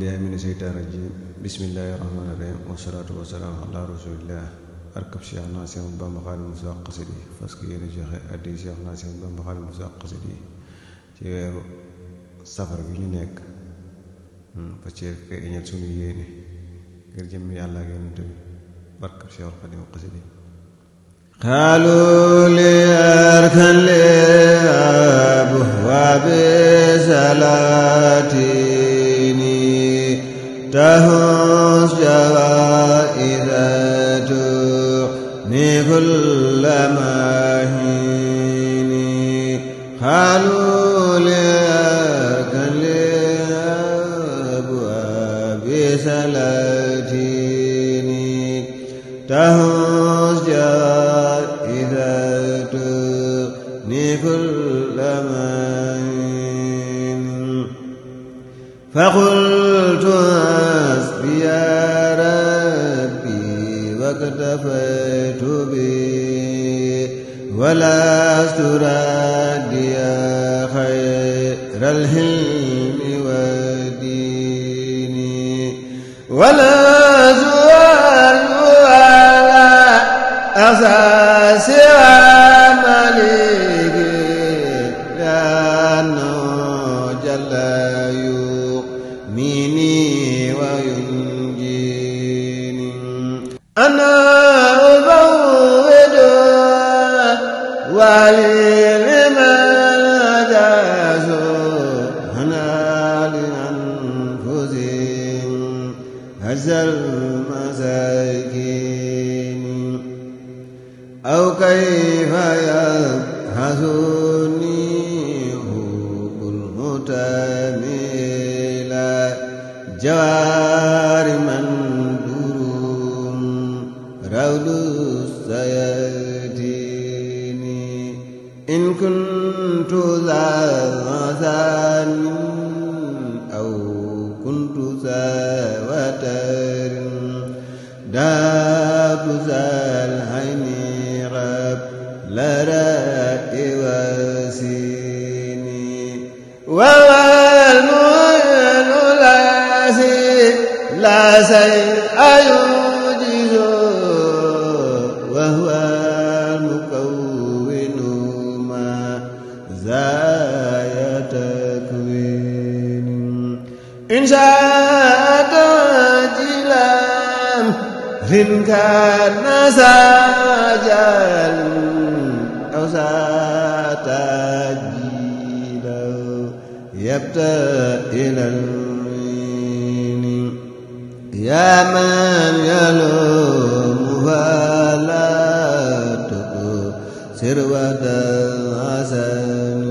billahi mina sheytaan rajim bismillahi rahmaani rahim wasalaatu wasalaamu ala rasulillah arkab cheikh naa seex bamba xaalim musa xasidi fas yéene joxe addi cheikh naa seex bamba xaalim musa xasidi ci weeru safar gi ñu nekk hmm, fas yéene ko iñal sunu yéene ngir jëmm yàlla ak yonent bi barkab cheikhul xadim xasidi xaalu li arkan li abwaabi salaati تهز جوائزات كل ماهين خالوا لك لأبواب سلاتين تهز جائزة كل ماهين فقل قلت حسبي يا ربي واكتفيت به ولا استرادي خير الهلم والدين ولا زوال ولا أساس عملي يحميني وينجيني أنا أبود ولي لما نجاز أنا لأنفسي هذا المساكين أو كيف يبحثون إن كنت ذا عزال أو كنت ذا وتر داب ذا العين رب لراء وسيني ووالمؤمن لازم لا سيء أيوب إنشاء عاجلا إن كان ساجلا أو ساتجيلا يبتئ إلى المين يا من يلوم فلا تكسر وتنعسني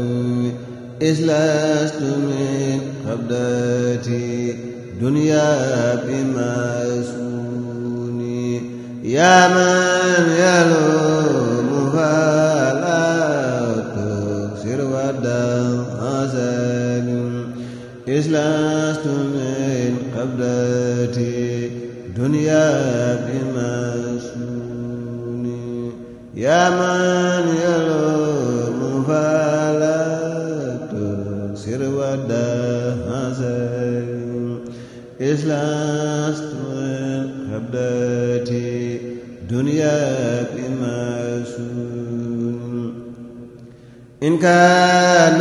إسلست من قبضتي دنيا بمسوني يا من يلوم فلا تكسر ودا أزل إسلست من قبضتي دنيا بمسوني يا من لست من هبتي دنيا بمسون إن كان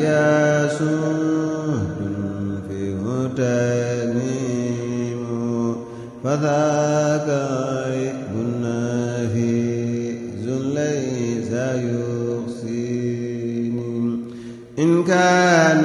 يا سود في هتنيم فذاك عيب نافذ ليس يحسن إن كان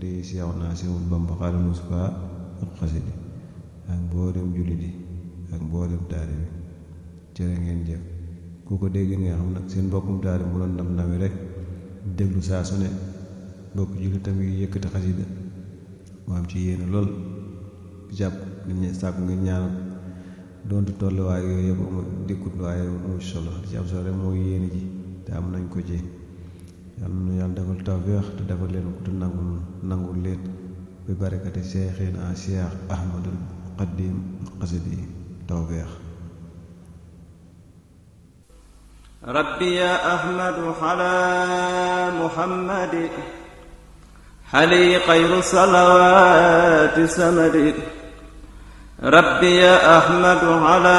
di seex naa seexul bamba xaadim mustafa ak xasidi ak jullit yi ak mboolem taali bi cere ngeen jëf ku ko dégg nga xam nag seen mbokkum taali mu doon ndam ndawi rek déglu saa su ne mbokk jullit tamit yëkkati xasida mu am ci yéene lool jàpp ngeen sàkku ngeen ñaanal donte tolluwaay yooyu yëpp amul dikkut waaye amul solo ci am rek mooy yéene ji te am nañ ko ci yàlla nu yàlla defal tawfeex te defal leen ko te nangul nangul leen bi barakati seexina Cheikh Ahmadul Xadim xasidi tawfeex rabbi ya ahmadu ala muhammadi xali xayru salawaati samadi rabbi ya ahmadu ala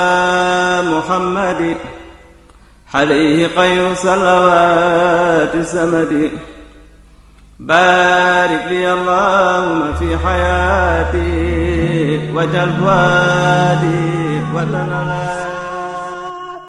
muhammadi xali xayru salawaati ذات السمد بارك لي اللهم في حياتي وجل فؤادي وتنالي